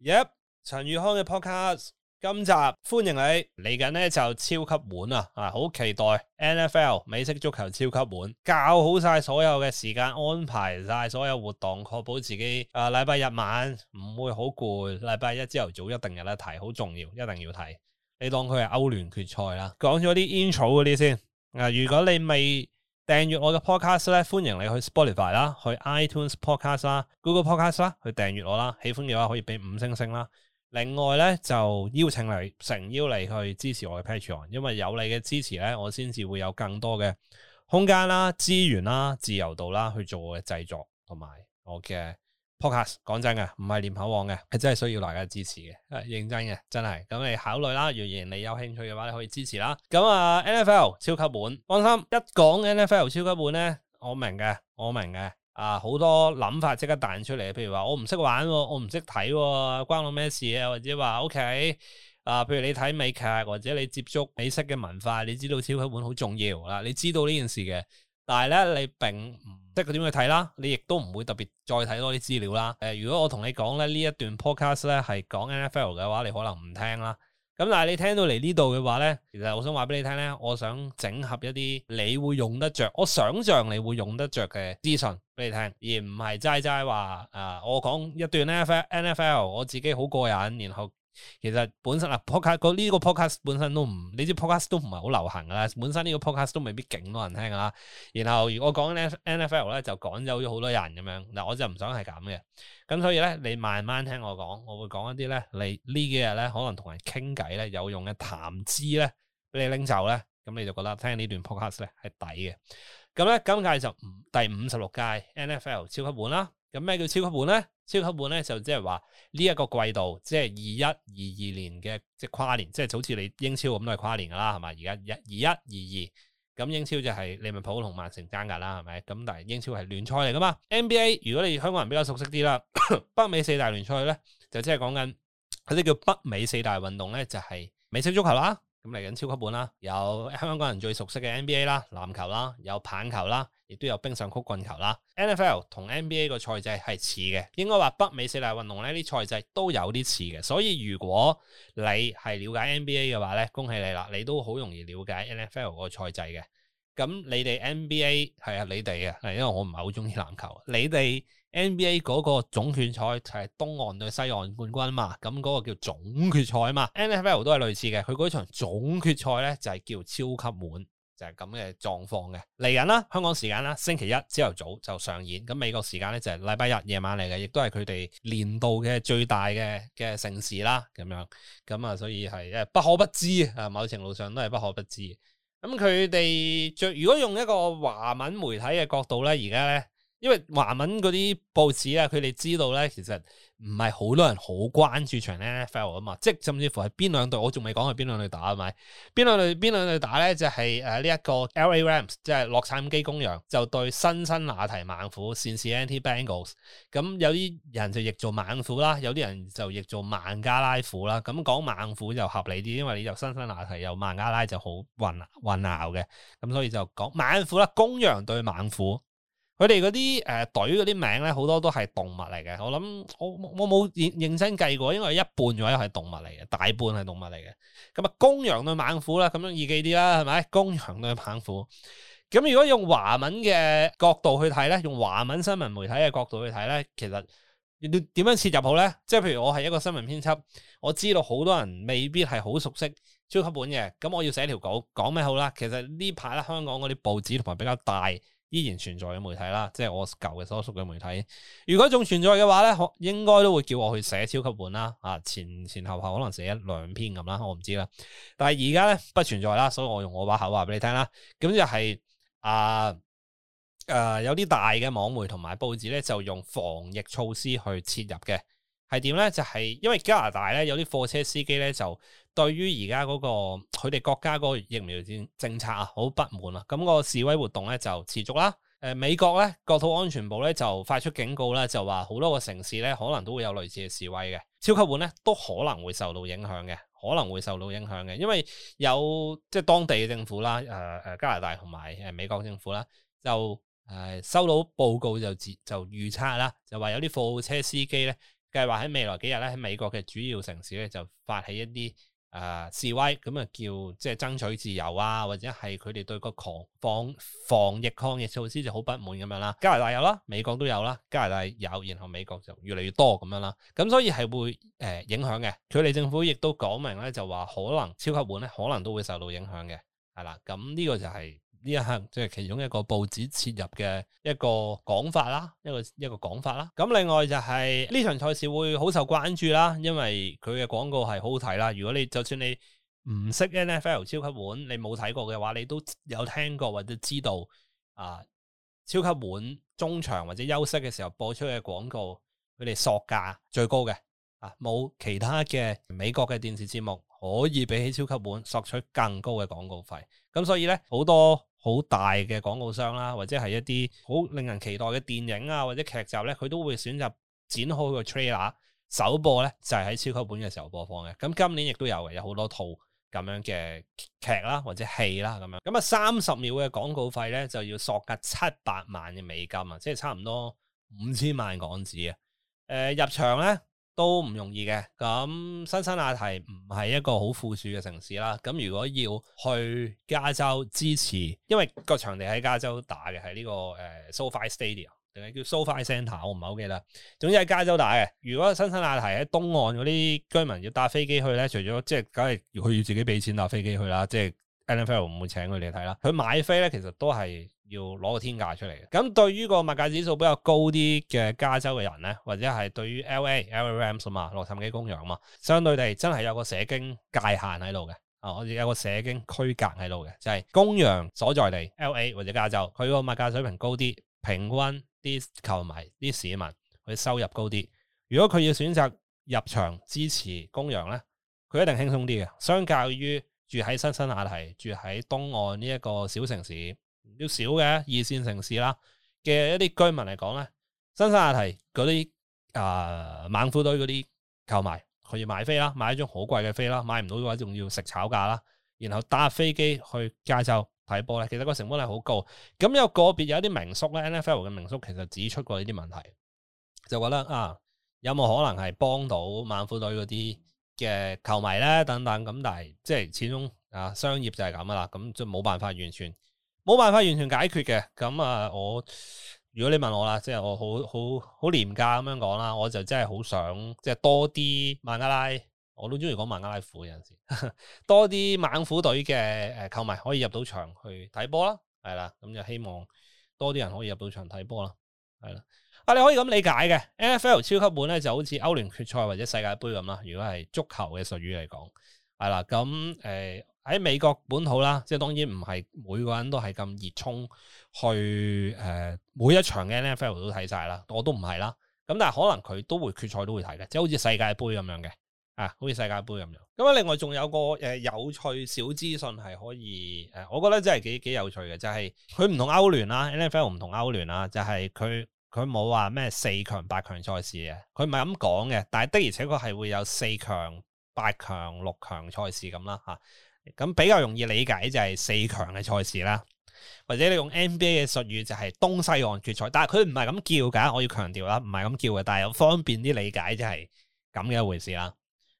Yep，陳宇康嘅 podcast 今集歡迎你嚟緊呢就超級碗啊！好期待 NFL 美式足球超級碗，教好晒所有嘅時間安排晒所有活動，確保自己啊禮拜日晚唔會好攰。禮拜一朝頭早一定有得睇，好重要，一定要睇。你當佢係歐聯決賽啦，講咗啲 intro 嗰啲先、啊。如果你未。訂閱我嘅 podcast 咧，歡迎你去 Spotify 啦，去 iTunes podcast 啦，Google podcast 啦，去訂閱我啦。喜歡嘅話可以俾五星星啦。另外咧就邀請你誠邀你去支持我嘅 Patreon，因為有你嘅支持咧，我先至會有更多嘅空間啦、資源啦、自由度啦，去做我嘅製作同埋我嘅。Podcast 講真嘅，唔係念口簧嘅，係真係需要大家支持嘅、啊，認真嘅，真係咁你考慮啦。若然你有興趣嘅話，你可以支持啦。咁啊，NFL 超級碗，放心，一講 NFL 超級碗咧，我明嘅，我明嘅。啊，好多諗法即刻彈出嚟，譬如話我唔識玩，我唔識睇，關我咩事啊？或者話 OK，啊，譬如你睇美劇或者你接觸美式嘅文化，你知道超級碗好重要啦，你知道呢件事嘅，但係咧你並唔。即係佢點去睇啦？你亦都唔會特別再睇多啲資料啦。誒、呃，如果我同你講咧呢一段 podcast 咧係講 NFL 嘅話，你可能唔聽啦。咁但係你聽到嚟呢度嘅話咧，其實我想話俾你聽咧，我想整合一啲你會用得着」、「我想象你會用得着」嘅資訊俾你聽，而唔係齋齋話啊！我講一段 NFL，NFL NFL，我自己好過癮，然後。其實本身啊，podcast 呢個 podcast 本身都唔，你知 podcast 都唔係好流行噶啦。本身呢個 podcast 都未必勁多人聽噶啦。然後如果講咧 NFL 咧就趕走咗好多人咁樣，嗱我就唔想係咁嘅。咁所以咧，你慢慢聽我講，我會講一啲咧，你呢幾日咧可能同人傾偈咧有用嘅談資咧，俾你拎走咧，咁你就覺得聽呢段 podcast 咧係抵嘅。咁咧，今屆就第五十六屆 N.F.L. 超級碗啦。咁咩叫超級碗咧？超級碗咧就即係話呢一個季度，即係二一二二年嘅即係跨年，即係好似你英超咁都係跨年噶啦，係咪？而家二一二二，咁英超就係利物浦同曼城爭噶啦，係咪？咁但係英超係聯賽嚟噶嘛？N.B.A. 如果你香港人比較熟悉啲啦， 北美四大聯賽咧，就即係講緊嗰啲叫北美四大運動咧，就係美式足球啦。咁嚟緊超級碗啦，有香港人最熟悉嘅 NBA 啦，籃球啦，有棒球啦，亦都有冰上曲棍球啦。NFL 同 NBA 個賽制係似嘅，應該話北美四大運動呢啲賽制都有啲似嘅。所以如果你係了解 NBA 嘅話呢，恭喜你啦，你都好容易了解 NFL 個賽制嘅。咁你哋 NBA 係啊，你哋嘅係，因為我唔係好中意籃球，你哋。NBA 嗰個總決賽就係東岸對西岸冠軍嘛，咁、那、嗰個叫總決賽啊嘛，NFL 都係類似嘅，佢嗰場總決賽咧就係叫超級滿，就係咁嘅狀況嘅嚟緊啦，香港時間啦，星期一朝頭早就上演，咁美國時間咧就係禮拜日夜晚嚟嘅，亦都係佢哋年度嘅最大嘅嘅盛事啦，咁樣咁啊，所以係一不可不知啊，某程度上都係不可不知。咁佢哋最如果用一個華文媒體嘅角度咧，而家咧。因為華文嗰啲報紙啊，佢哋知道咧，其實唔係好多人好關注場 NFL 啊嘛，即係甚至乎係邊兩隊，我仲未講係邊兩隊打，係咪？邊兩隊邊兩隊打咧，就係誒呢一個 L.A.Rams，即係洛杉磯公羊，就對新生拿提猛虎，善士 N.T.Bengals。咁有啲人就譯做猛虎啦，有啲人就譯做孟加拉虎啦。咁講猛虎就合理啲，因為你就新生拿提又孟加拉就好混混淆嘅，咁所以就講猛虎啦，公羊對猛虎。佢哋嗰啲誒隊嗰啲名咧，好多都係動物嚟嘅。我諗我我冇認認真計過，因為一半左右係動物嚟嘅，大半係動物嚟嘅。咁啊，公羊對猛虎啦，咁樣易記啲啦，係咪？公羊對猛虎。咁如果用華文嘅角度去睇咧，用華文新聞媒體嘅角度去睇咧，其實你點樣切入好咧？即係譬如我係一個新聞編輯，我知道好多人未必係好熟悉超級碗嘅，咁我要寫條稿講咩好啦？其實呢排咧，香港嗰啲報紙同埋比較大，依然存在嘅媒體啦，即係我舊嘅所屬嘅媒體。如果仲存在嘅話咧，應應該都會叫我去寫超級碗啦。啊前前後後可能寫一兩篇咁啦，我唔知啦。但係而家咧不存在啦，所以我用我把口話俾你聽啦。咁就係啊誒，有啲大嘅網媒同埋報紙咧，就用防疫措施去切入嘅，係點咧？就係、是、因為加拿大咧有啲貨車司機咧就。對於而家嗰個佢哋國家嗰個疫苗政政策啊，好不滿啊，咁個示威活動咧就持續啦。誒、呃，美國咧國土安全部咧就發出警告啦，就話好多個城市咧可能都會有類似嘅示威嘅，超級碗咧都可能會受到影響嘅，可能會受到影響嘅，因為有即係、就是、當地嘅政府啦，誒、呃、誒加拿大同埋誒美國政府啦，就誒收到報告就自就預測啦，就話有啲貨車司機咧計劃喺未來幾日咧喺美國嘅主要城市咧就發起一啲。啊、呃、示威，咁啊叫即係爭取自由啊，或者係佢哋對個狂防防疫抗疫措施就好不滿，咁樣啦，加拿大有啦，美國都有啦，加拿大有然後美國就越嚟越多咁樣啦，咁所以係會誒、呃、影響嘅。佢哋政府亦都講明咧就話可能超級碗咧可能都會受到影響嘅，係啦，咁呢個就係、是。呢一項即係其中一個報紙切入嘅一個講法啦，一個一個講法啦。咁另外就係、是、呢場賽事會好受關注啦，因為佢嘅廣告係好好睇啦。如果你就算你唔識 NFL 超級碗，你冇睇過嘅話，你都有聽過或者知道啊。超級碗中場或者休息嘅時候播出嘅廣告，佢哋索價最高嘅啊，冇其他嘅美國嘅電視節目可以比起超級碗索取更高嘅廣告費。咁所以咧好多，好大嘅廣告商啦，或者係一啲好令人期待嘅電影啊，或者劇集咧，佢都會選擇剪好個 trailer，首播咧就係、是、喺超級碗嘅時候播放嘅。咁今年亦都有有好多套咁樣嘅劇啦，或者戲啦咁樣。咁啊，三十秒嘅廣告費咧就要索價七百萬嘅美金啊，即係差唔多五千萬港紙啊。誒、呃，入場咧。都唔容易嘅，咁辛辛那提唔係一個好富庶嘅城市啦。咁如果要去加州支持，因為個場地喺加州打嘅，係呢、這個誒、呃、SoFi Stadium 定係叫 SoFi Center，我唔係好記得。總之喺加州打嘅。如果辛辛那提喺東岸嗰啲居民要搭飛機去咧，除咗即係梗係要佢要自己俾錢搭飛機去啦，即係。NFL 唔會請佢哋睇啦，佢買飛咧，其實都係要攞個天價出嚟嘅。咁對於個物價指數比較高啲嘅加州嘅人咧，或者係對於 LA、LA Rams 啊嘛，洛杉磯公羊嘛，相對地真係有個社經界限喺度嘅，啊，我哋有個社經區隔喺度嘅，就係、是、公羊所在地 LA 或者加州，佢個物價水平高啲，平均啲球迷、啲市民佢收入高啲。如果佢要選擇入場支持公羊咧，佢一定輕鬆啲嘅，相較於。住喺新山亞堤，住喺東岸呢一個小城市，要少嘅二線城市啦嘅一啲居民嚟講咧，新山亞堤嗰啲誒猛虎隊嗰啲球迷，佢要買飛啦，買一張好貴嘅飛啦，買唔到嘅話仲要食炒價啦，然後搭飛機去加州睇波咧，其實個成本係好高。咁有個別有一啲名宿咧，NFL 嘅名宿其實指出過呢啲問題，就覺得啊，有冇可能係幫到猛虎隊嗰啲嘅球迷咧，等等咁，但係即係始終啊，商業就係咁噶啦，咁就冇辦法完全冇辦法完全解決嘅。咁啊，我如果你問我啦，即係我好好好廉價咁樣講啦，我就真係好想即係多啲孟加拉，我都中意講孟加拉虎有陣時，多啲猛虎隊嘅誒球迷可以入到場去睇波啦，係啦，咁就希望多啲人可以入到場睇波啦，係啦。啊，你可以咁理解嘅，NFL 超級碗咧，就好似歐聯決賽或者世界杯咁啦。如果係足球嘅術語嚟講，係啦。咁誒喺美國本土啦，即係當然唔係每個人都係咁熱衷去誒、呃、每一場嘅 NFL 都睇晒啦，我都唔係啦。咁但係可能佢都會決賽都會睇嘅，即係好似世界杯咁樣嘅啊，好似世界杯咁樣。咁啊，另外仲有個誒、呃、有趣小資訊係可以誒、呃，我覺得真係幾幾有趣嘅，就係佢唔同歐聯啦，NFL 唔同歐聯啦，就係佢。佢冇話咩四強八強賽事嘅，佢唔係咁講嘅，但係的而且確係會有四強、八強、六強賽事咁啦吓，咁、啊、比較容易理解就係四強嘅賽事啦，或者你用 NBA 嘅術語就係東西岸決賽，但係佢唔係咁叫噶，我要強調啦，唔係咁叫嘅，但係又方便啲理解就係咁嘅一回事啦。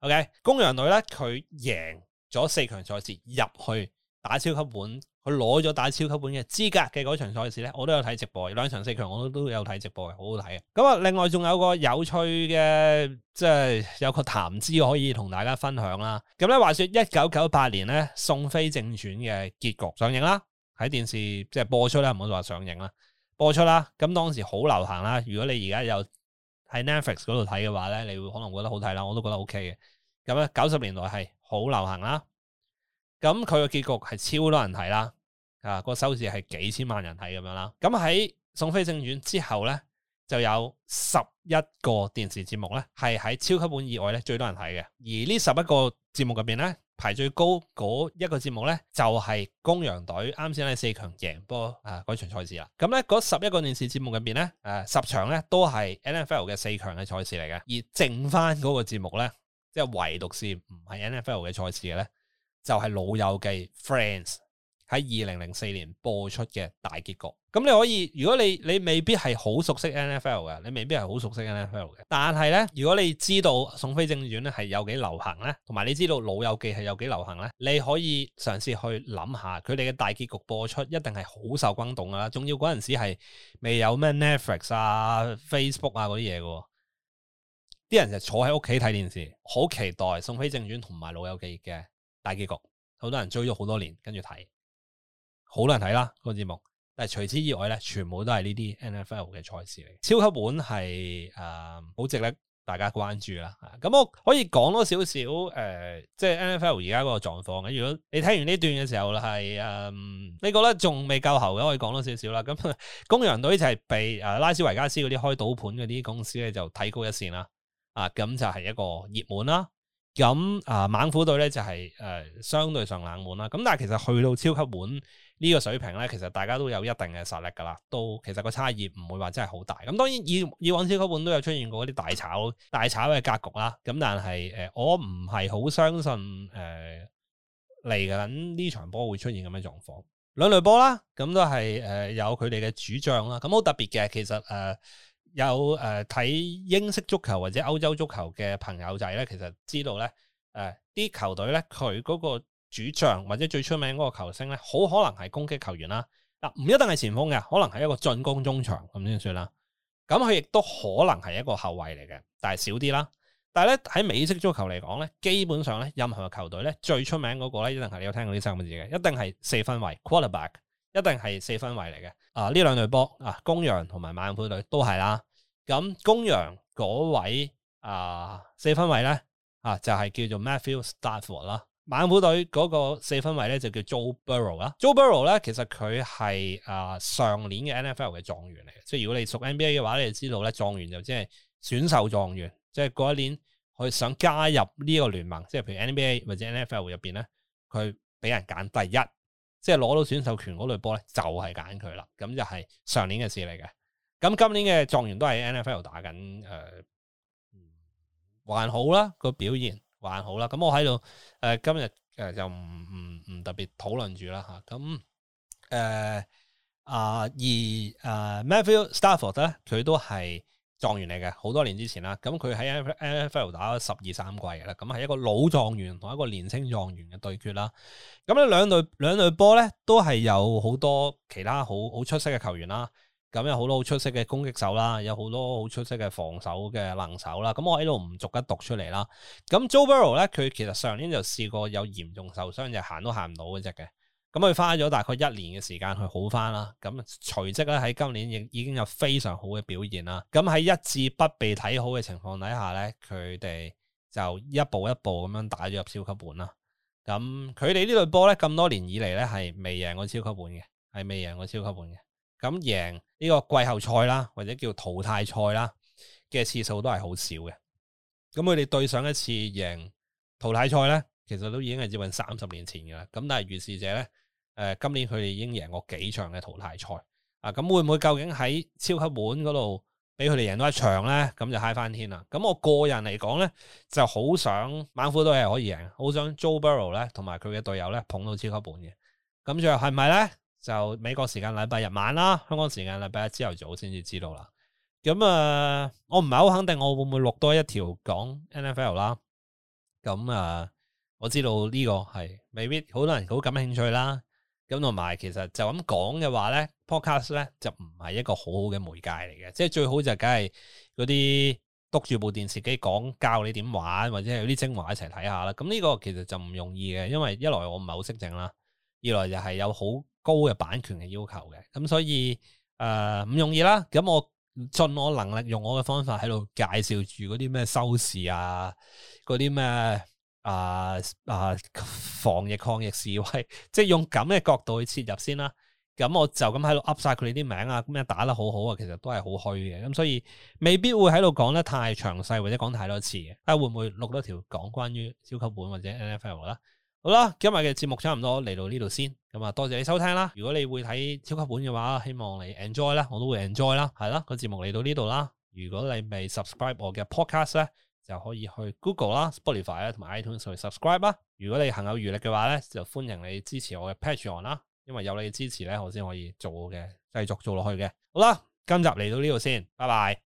OK，、啊、公羊隊咧佢贏咗四強賽事入去打超級碗。佢攞咗打超級碗嘅資格嘅嗰場賽事咧，我都有睇直播，兩場四強我都都有睇直播嘅，好好睇嘅。咁啊，另外仲有個有趣嘅，即係有個談資可以同大家分享啦。咁咧，話説一九九八年咧，《宋飛正傳》嘅結局上映啦，喺電視即係播出咧，唔好話上映啦，播出啦。咁當時好流行啦。如果你而家又喺 Netflix 嗰度睇嘅話咧，你會可能會覺得好睇啦。我都覺得 OK 嘅。咁咧，九十年代係好流行啦。咁佢嘅結局係超多人睇啦，啊、那個收視係幾千萬人睇咁樣啦。咁、啊、喺宋飛正院之後咧，就有十一個電視節目咧係喺超級碗以外咧最多人睇嘅。而呢十一個節目入邊咧，排最高嗰一個節目咧就係、是、公羊隊啱先喺四強贏波啊嗰場賽事啦。咁咧嗰十一個電視節目入邊咧，誒、啊、十場咧都係 N F L 嘅四強嘅賽事嚟嘅，而剩翻嗰個節目咧，即、就、係、是、唯獨是唔係 N F L 嘅賽事嘅咧，就係《老友記》Friends 喺二零零四年播出嘅大結局。咁你可以，如果你你未必係好熟悉 NFL 嘅，你未必係好熟悉 NFL 嘅。但係咧，如果你知道《宋飛正傳》咧係有幾流行咧，同埋你知道《老友記》係有幾流行咧，你可以嘗試去諗下，佢哋嘅大結局播出一定係好受轟動噶啦。仲要嗰陣時係未有咩 Netflix 啊、Facebook 啊嗰啲嘢嘅，啲人就坐喺屋企睇電視，好期待《宋飛正傳》同埋《老友記》嘅。大結局，好多人追咗好多年，跟住睇，好難睇啦、嗰個節目。但係除此之外咧，全部都係呢啲 NFL 嘅賽事嚟，超級碗係誒好值得大家關注啦。咁、啊、我可以講多少少誒，即、呃、係、就是、NFL 而家嗰個狀況。如果你聽完呢段嘅時候，係誒、呃、你覺得仲未夠喉嘅，可以講多少少啦。咁公羊隊就係被誒、呃、拉斯維加斯嗰啲開賭盤嗰啲公司咧，就睇高一線啦。啊，咁就係一個熱門啦。咁啊、呃，猛虎隊咧就係、是、誒、呃、相對上冷門啦。咁但係其實去到超級碗呢個水平咧，其實大家都有一定嘅實力噶啦，都其實個差異唔會話真係好大。咁當然以，以往超級碗都有出現過啲大炒大炒嘅格局啦。咁但係誒、呃，我唔係好相信誒嚟緊呢場波會出現咁嘅狀況。兩隊波啦，咁、嗯、都係誒、呃、有佢哋嘅主將啦。咁、嗯、好特別嘅其實誒。呃有誒睇、呃、英式足球或者歐洲足球嘅朋友仔咧，其實知道咧，誒、呃、啲球隊咧佢嗰個主將或者最出名嗰個球星咧，好可能係攻擊球員啦，嗱、呃、唔一定係前鋒嘅，可能係一個進攻中場咁先算啦。咁佢亦都可能係一個後衞嚟嘅，但係少啲啦。但係咧喺美式足球嚟講咧，基本上咧任何嘅球隊咧最出名嗰、那個咧一定係你有聽過呢三個字嘅，一定係四分位 quarterback。一定係四分位嚟嘅，啊呢兩隊波啊，公羊同埋猛虎隊都係啦。咁公羊嗰位啊四分位咧啊，就係叫做 Matthew Stafford 啦。猛虎隊嗰個四分位咧就叫 Joe Burrow 啦。Joe Burrow 咧其實佢係啊上年嘅 N F L 嘅狀元嚟嘅，即係如果你熟 N B A 嘅話，你就知道咧狀元就即係選秀狀元，即係嗰一年佢想加入呢個聯盟，即係譬如 N B A 或者 N F L 入邊咧，佢俾人揀第一。即係攞到選秀權嗰類波咧，就係揀佢啦。咁就係上年嘅事嚟嘅。咁今年嘅狀元都係 NFL 打緊，誒、呃、還好啦個表現還好啦。咁我喺度誒今日誒、呃、就唔唔唔特別討論住啦吓。咁誒啊、呃、而誒、呃、Matthew Stafford 咧，佢都係。狀元嚟嘅，好多年之前啦，咁佢喺 NFL 打咗十二三季嘅啦，咁係一個老狀元同一個年輕狀元嘅對決啦。咁呢兩隊兩隊波咧都係有好多其他好好出色嘅球員啦，咁有好多好出色嘅攻擊手啦，有好多好出色嘅防守嘅能手啦。咁我喺度唔逐一讀出嚟啦。咁 Joe Burrow 咧，佢其實上年就試過有嚴重受傷，就行都行唔到嗰隻嘅。咁佢花咗大概一年嘅時間去好返啦，咁隨即咧喺今年亦已經有非常好嘅表現啦。咁喺一致不被睇好嘅情況底下咧，佢哋就一步一步咁樣打入超級碗啦。咁佢哋呢隊波咧咁多年以嚟咧係未贏過超級碗嘅，係未贏過超級碗嘅。咁贏呢個季後賽啦，或者叫淘汰賽啦嘅次數都係好少嘅。咁佢哋對上一次贏淘汰賽咧，其實都已經係接近三十年前嘅啦。咁但係如是者咧。誒，今年佢哋已經贏過幾場嘅淘汰賽啊！咁會唔會究竟喺超級碗嗰度俾佢哋贏多一場咧？咁就 high 翻天啦！咁我個人嚟講咧，就好想猛虎都係可以贏，好想 Joe Burrow 咧同埋佢嘅隊友咧捧到超級碗嘅。咁就係咪咧？就美國時間禮拜日晚啦，香港時間禮拜一朝頭早先至知道啦。咁啊，我唔係好肯定我會唔會錄多一條講 NFL 啦。咁啊，我知道呢個係未必好多人好感興趣啦。咁同埋，其實就咁講嘅話咧，Podcast 咧就唔係一個好好嘅媒介嚟嘅，即係最好就梗係嗰啲督住部電視機講，教你點玩，或者係有啲精華一齊睇下啦。咁呢個其實就唔容易嘅，因為一來我唔係好識整啦，二來就係有好高嘅版權嘅要求嘅，咁所以誒唔、呃、容易啦。咁我盡我能力用我嘅方法喺度介紹住嗰啲咩收視啊，嗰啲咩。啊啊！Uh, uh, 防疫抗疫示威， 即係用咁嘅角度去切入先啦。咁我就咁喺度噏晒佢哋啲名啊，咁樣打得好好啊，其實都係好虛嘅。咁所以未必會喺度講得太詳細，或者講太多次嘅。啊，會唔會錄多條講關於超級碗或者 NFL 啦？好啦，今日嘅節目差唔多嚟到呢度先。咁啊，多謝你收聽啦。如果你會睇超級碗嘅話，希望你 enjoy 啦，我都會 enjoy 啦，係啦。個節目嚟到呢度啦。如果你未 subscribe 我嘅 podcast 咧。就可以去 Google 啦、Spotify 啦，同埋 iTunes 去 subscribe 啦。如果你行有餘力嘅話咧，就歡迎你支持我嘅 Patreon 啦。因為有你嘅支持咧，我先可以做嘅，繼續做落去嘅。好啦，今集嚟到呢度先，拜拜。